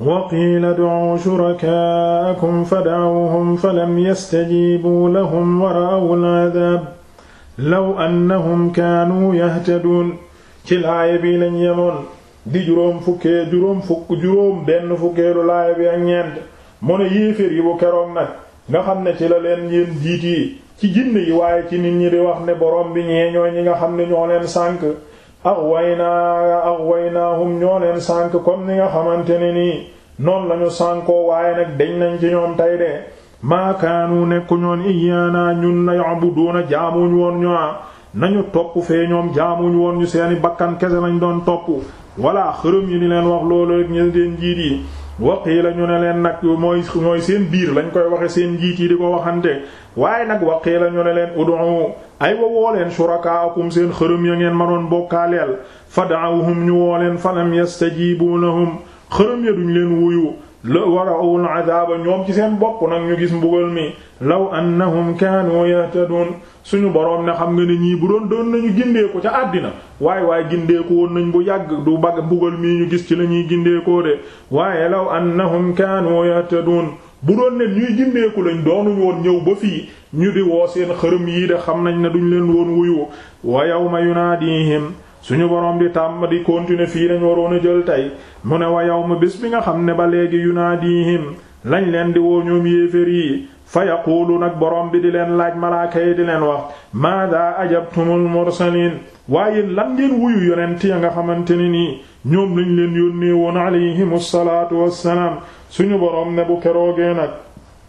wa qiila du'uu shurakaa'akum fada'awhum falam yastajiibuu lahum wa ra'awu al'adaab law annahum kaanuu yahtaduun ci laaya bi lañ yemoon di juróom fukkee juróom fukk juróom benn fukkeelu laaya bi ak ñeent mu yéeféer yi bu keroog nag nga xam ne ci la leen yéen jiit yi ci jinne yi waaye ci nit ñi di wax ne borom bi ñee ñoo ñi nga xam ne ñoo leen sànk aghwaynaa aghwaynaahum ñoo leen sànk comme ni nga xamante ne nii noon lañu sànkoo waaye nag deñ nañ ci ñoom tey de maakaanu nekku ñoon iyaana ñun na ya'buduuna jaamuñ woon ñu ah. nañu topp fee ñoom jaamuñ woon ñu seeni bakkan kese lañ doon tokku walla xërëm yi ni leen wax loolu rek ñe deen njiit yi waqiila ñu ne leen nag mooy mooy seen biir lañ koy waxe seen njiit yi di ko waxante waaye nag yi ñu ne leen ud'u ay wa woo leen shurakaakum seen xërëm ya ngeen manoon bokkaaleel fad'awhum ñu woo leen falam yastajibu lahum xërëm ya duñ leen wuyu war la warawul adaaba ñoom ci seen bopp nag ñu gis mbugal mi law annahum kaanu yahtadun suñu boroom ne xam nga ni ñii bu doon doon nañu gindeeku ca àddina waaye waaye gindeeku woon nañ bu yàgg du bagg mbugal mii ñu gis ci la ñuy gindeekoo de waaye law an annahum kaanu yahtadun bu doon ne ñuy gindeeku lañ doonuñu woon ñëw ba fii ñu di woo seen xërëm yii de xam nañ ne duñu leen woon wuyu wa yawma yunaadihim suñu boroom di tàmm di continuer fii waroon a jël tey mu ne wa yawma bés bi nga xam ne ba léegi yunaadihim lañ leen di woo ñoom yéefér yi fa yaquulu nag boroom bi di leen laaj malaaka di leen wax maada ajabtumul mursaliin waaye lan ngeen wuyu yonent ya nga xamante ne nii ñoom lañ leen yónnee woon alayhim salaatu wassalaam suñu borom ne bu keroogee nag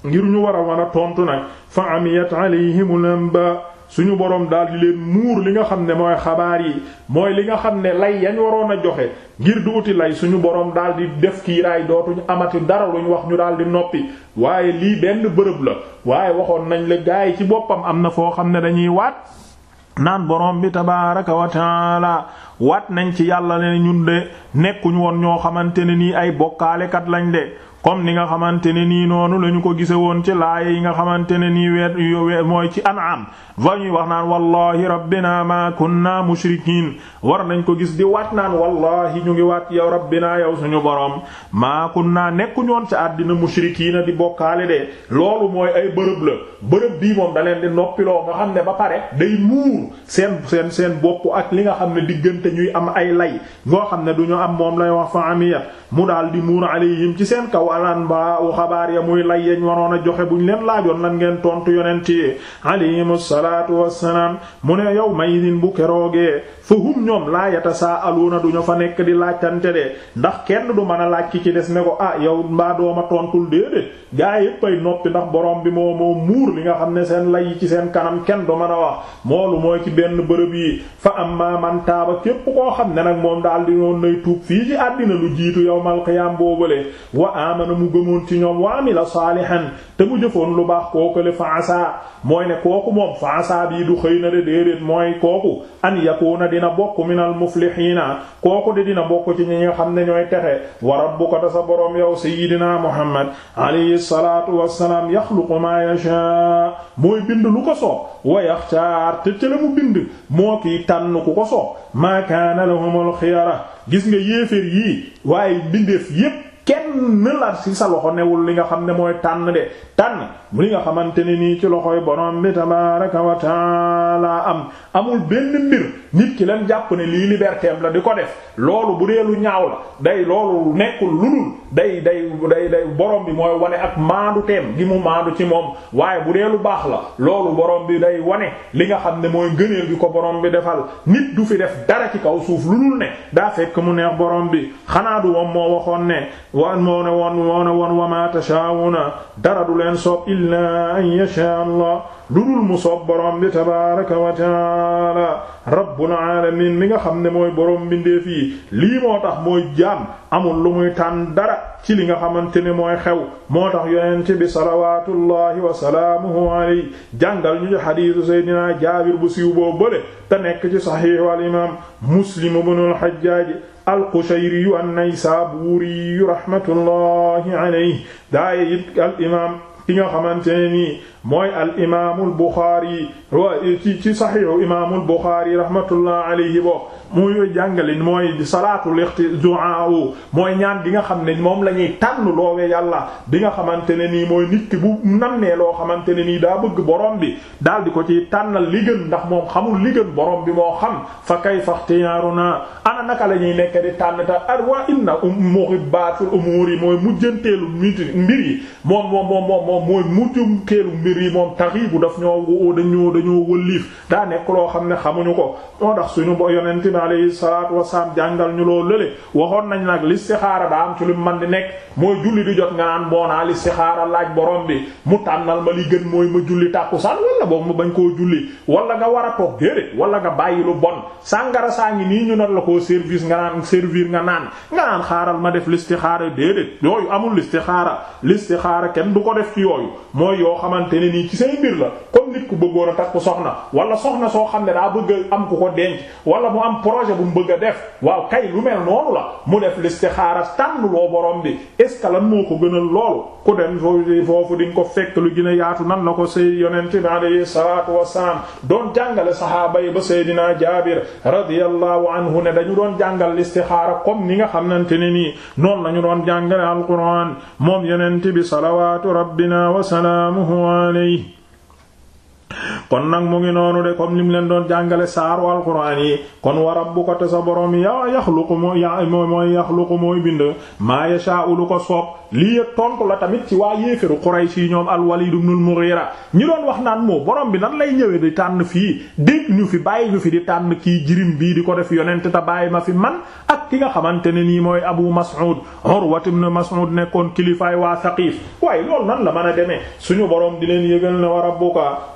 ngir ñu war a war a tontu nag fa amiyat alayhimul ba suñu boroom daal di leen muur li nga xam ne mooy xabaar yi mooy li nga xam ne lay yañ waroon a joxe ngir duuti lay suñu boroom daal di def kiiraay dootuñu amati dara luñ wax ñu daal di noppi waaye lii benn bërëb la waaye waxoon nañ la gaa ci boppam am na foo xam ne dañuy waat naan borom bi tabaaraka wa taala waat nañ ci yàlla ne ñun de nekkuñu woon ñoo xamante ne nii ay bokkaalekat lañ de comme ni nga xamante ne nii noonu la ñu ko gise woon ci laaya yi nga xamante ne nii weer mooy ci an'am wa ñuy wax naan wallahi rabbina ma kunna mushrikiin war nañ ko gis di waat naan wallahi ñu ngi waat yow rabbina yow suñu borom ma kunna nekku ñoon ci àddina mushrikiina di bokkaale de loolu mooy ay bërëb la bërëb bii moom da leen di noppiloo nga xam ne ba pare day muur seen seen seen bokk ak li nga xam ne diggante ñuy am ay lay ngoo xam ne du ñu am moom lay wax fa amiyat mu daal di muur ci seen kaw alan ba u xabaar ya muy lay yañ waroon a joxe buñ leen laajoon lan ngeen tontu yonent yi alayhimu salaatu wassalaam mu ne yow maydin bu keroogee fa hum ñoom sa laa na duñu fa nekk di laajtante de ndax kenn du mën a laaj ki ci des ne ko ah yow mbaa dooma tontul déedéet gaa yépp ay noppi ndax borom bi moo moo muur li nga xam ne seen lay yi ci seen kanam kenn du mën a wax moolu moo ci benn bërëb yi fa amma man taaba képp koo xam ne nag moom daal fii àddina lu jiitu yawmal qiyaam boobale amana mu gëmoon ci ñoom wa amila saalihan te mu jëfoon lu baax kooku le fa asa mooy ne kooku moom fa asa bii du xëy na de déedéet mooy kooku an yakuna dina bokk minal muflihina kooku de dina bokk ci ñi nga xam ne ñooy texe wa rabbuka ta sa boroom muhammad alayhi salatu wassalaam yaxluqu ma yasha mooy bind lu ko soob wa yaxtaar te ca la mu bind moo kii tànn ku ko soob ma kaana lahumul xiyara gis nga yéeféer yii waaye bindeef yépp benn la ci sa loxo newul li nga xam ne mooy tànn de tànn mu li nga xamante ne nii ci loxoy borom bi tabaaraka wa taala am amul benn mbir nit ki lam jàpp ne lii liberté am la di ko def loolu bu dee lu ñaaw la day loolu nekkul ludul day day day day borom bi mooy wale ak maandu teem gi mu maandu ci moom waaye bu dee lu baax la loolu borom bi day wane li nga xam ne mooy ngëneel gi ko borom bi defal nit du fi def dara ci kaw suuf ludul ne daa fekk mu neex borom bi xanaa du moom moo waxoon ne wan moo ne woon moo ne woon wa ma dara du leen soob illaa an yasha Allah lu dul mu soob borom bi tabaaraka wa taala rabbul alamin mi nga xam ne mooy borom bindeef fii lii moo tax mooy jaam amul lu muy tànn dara ci li nga xamante ne mooy xew moo tax yonent bi salawaatullahi wa salaamuhu jàngal ñu ci xadiisu jaabir bu siw boo bële te nekk ci saxiixu al imaam muslim ibnul xajjaaj al-Qushayri an-Naysaabuuri rahmatullahi alayhi daay it al nga xamante ne nii mooy al imaamul Buxaari wa ci ci saxiixu imaamul Buxaari rahmatullah alayhi bo muy jàngale mooy salaatul ixti du'a mooy ñaan gi nga xam ne moom lañuy ñuy tànn loowee yàlla bi nga xamante ne nii mooy nit bu nammee loo xamante ne nii daa bëgg borom bi daal di ko ci tànnal li gën ndax moom xamul li gën borom bi moo xam fa kayfa ixtiyaaruna ana naka la ñuy nekk di tànn ta inna um, muhibatul yi mooy mujjanteelu mbir yi moom moom moom moom mooy mujjanteelu mbir mbir yi moom taxiibu daf ñoo dañoo dañoo wëlliif daa nekk loo xam ne xamuñu ko moo tax suñu bo yonent bi alayhi salaatu wasalaam jàngal ñu loo lële waxoon nañ nag listixaara daa am ci lu man di nekk mooy julli di jot nga naan boo naa listixaara laaj borom bi mu tànnal ma li gën mooy ma julli tàkkusaan wala boobu ma bañ koo julli wala nga war a toog déedéet wala nga bàyyi lu bon sàngara saa ngi nii ñu nar la koo service nga naan servir nga naan nga xaaral ma def listixaara déedéet yooyu amul listixaara listixaara kenn du ko def ci yoo ne nii ci say mbir la comme nit a soxna wala soxna soo xam ne daa bëgg am ku ko denc wala mu am projet bu mu bëgg a def waaw kay lu mel noonu la mu def listixaara tànn loo borom bi est ce que lan moo ko gënal loolu ku dem foofu di ko fekk lu gën a yaatu nan la ko say yonent bi alayhi salaatu wassalaam doon jàngale saxaaba yi ba Seydina Jaabir radiyallahu anhu ne dañu doon jàngal listixaara comme ni nga xamante ne nii noonu lañu doon jàngale alquran moom yonent bi salawaatu rabbina wa alayhi kon nag mu ngi noonu de comme lim leen doon jàngale saaru alxuraan yi kon wa rabbuka te sa borom ya yaxluqu mooy ya mooy ko mooy bind maa yashaa'u lu ko soob lii yëpp tontu la tamit ci waa yéefaru Quraysh si ñoom al-Walid ibn al-Mughira ñi doon wax naan moo borom bi nan lay ñëwee di tànn fii dégg ñu fi bàyyi ñu fi di tànn kii jirim bii di ko def yonent te bàyyi ma fi man ak ki nga xamante ne nii mooy Abu Mas'ud Urwa ibn Mas'ud nekkoon kilifaay waa Saqif waaye loolu nan la demee suñu borom di leen yëgal ne wa rabbuka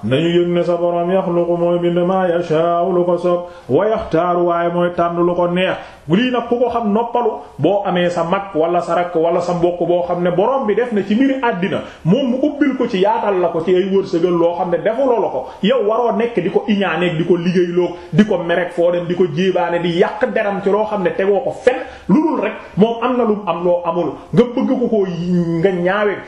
sa borom yaxluqu mooy bind maa yashaa'u lu ko soob wa yaxtaaru waaye mooy tànn lu ko neex bu lii nag ku ko xam noppalu boo amee sa mag wala sa rakk wala sa mbokk boo xam ne borom bi def na ci mbiri àddina moom mu ubbil ko ci yaatal la ko ci ay wërsëgal loo xam ne defuloo la ko yow waroo nekk di ko iñaaneeg di ko liggéeyloog di ko merek foo dem di ko jéebaane di yàq deram ci loo xam ne tegoo ko fen lu dul rek moom am na lu am loo amul nga bëgg ko ko nga ñaawee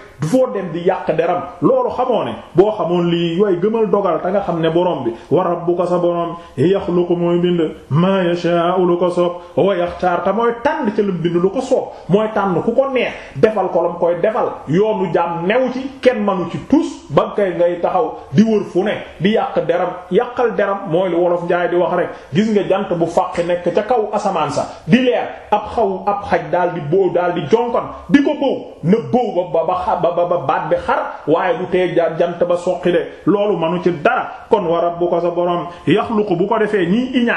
dem di yàq deram loolu xamoo ne boo xamoon lii yooyu gëmal dogal te nga xam ne borom bi wa rabbuka sa borom yaxluqu mooy bind ma yasha'u lu ko soob huwa yaxtaar te mooy tànn ca lam bind lu ko soob mooy tànn ku ko neex defal ko lam koy defal yoonu jaam new ci kenn manu ci tus ba kay ngay taxaw di wër fu ne di yàq deram yàqal deram mooy li wolof njaay di wax rek gis nga jant bu fàq nekk ca kaw asamaan sa di leer ab xaw ab xaj dal di boow daal di jonkon di ko boow na boow ba ba ba baat bi xar waaye du tee jant ba soqi de loolu manu ci dara kon warab bu ko sa borom yaxluqu bu ko defee ñiy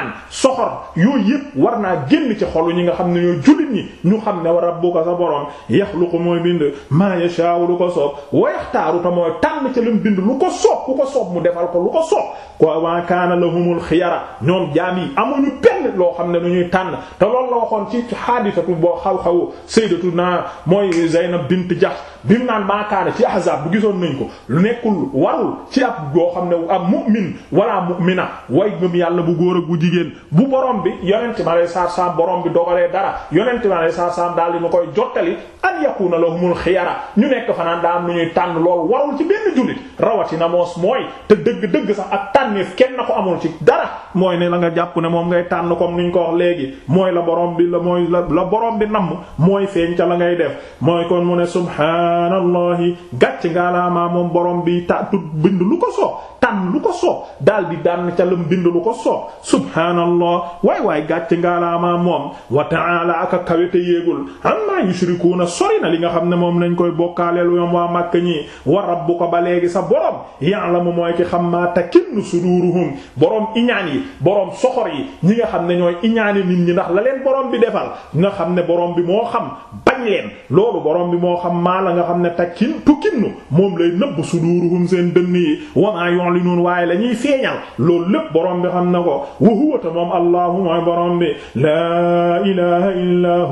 génn ci xolu ñi nga xam ne ñoo jullit ñi ñu xam ne wa rabbuka sa borom yaxluqu mooy bind maa yashaa'u ko soob wa yaxtaaru ta mooy tànn ca lu mu bind lu ko soob ku ko soob mu defal ko lu ko soob ko wa kaana lahumul xiyara ñoom jaam yi amuñu tay loo xam ne lu ñuy tànn te loolu la waxoon ci xaadisatu boo xaw-xaw sayyidatu naa mooy Zaynab bint Jahsh bim naan maakaana ci ahzaab bu gisoon nañ ko lu nekkul warul ci ab boo xam ne ab mu'min wala mu'mina way gëm yàlla bu góor ak jigéen bu borom bi yonente ma lay saar borom bi dogalee dara yonente ma lay saar saam di nu koy jottali an yakuna lahumul xiyara ñu nekk fanaan daa am lu ñuy tànn loolu warul ci benn jullit rawatina moos mooy te dëgg-dëgg sax ak tànneef kenn na amul ci dara mooy ne la nga jàpp ne moom ngay tànn tànn comme ni ko wax léegi mooy la borom bi la mooy la boroom bi namm mooy feeñ ca la ngay def mooy kon mu ne subhaanallahi gàcc ngaa laa maa moom boroom bi ta tut bind lu ko soob tànn lu ko soob daal di dànn ca lam bind lu ko soob subhaanallah waay waay gàcc ngaa laa moom wa ta'ala ak kawete yéegul amma yushrikuuna sori na li nga xam ne moom lañ koy bokkaaleel yoom waa màkk ñi wa ko ba léegi sa borom ya'lamu mooy ki xam maa takinnu suduruhum xam ne ñooy iñaane nit ñi ndax la leen borom bi defal nga xam ne borom bi moo xam bañ leen loolu borom bi moo xam maa la nga xam ne takkin tukkinnu moom lay nëbb suduuruhum seen dënn yi wa maa waaye lañuy ñuy feeñal loolu lépp borom bi xam na ko wa moom allahuma borom bi laa ilaha illaa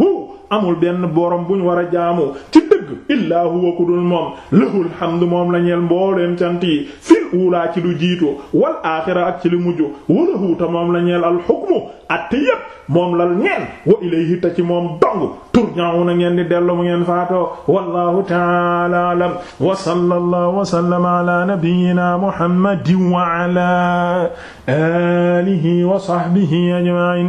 amul benn borom bu ñu war a jaamu ci dëgg illaa huwa ku moom lahul hamdu moom la ñeel mbooleem cant yi fil ci lu jiitu wal aaxira ci li mujj walahu ta moom la ñeel al hukmu atte yépp moom lal ngeen wa ilayhi ta ci moom dong turja'una ngeen di dellu mu ngeen faatoo wallahu ta'ala a'lam wa sallallahu wa sallama ala nabiyyina muhammadin wa ala alihi wa sahbihi ajma'in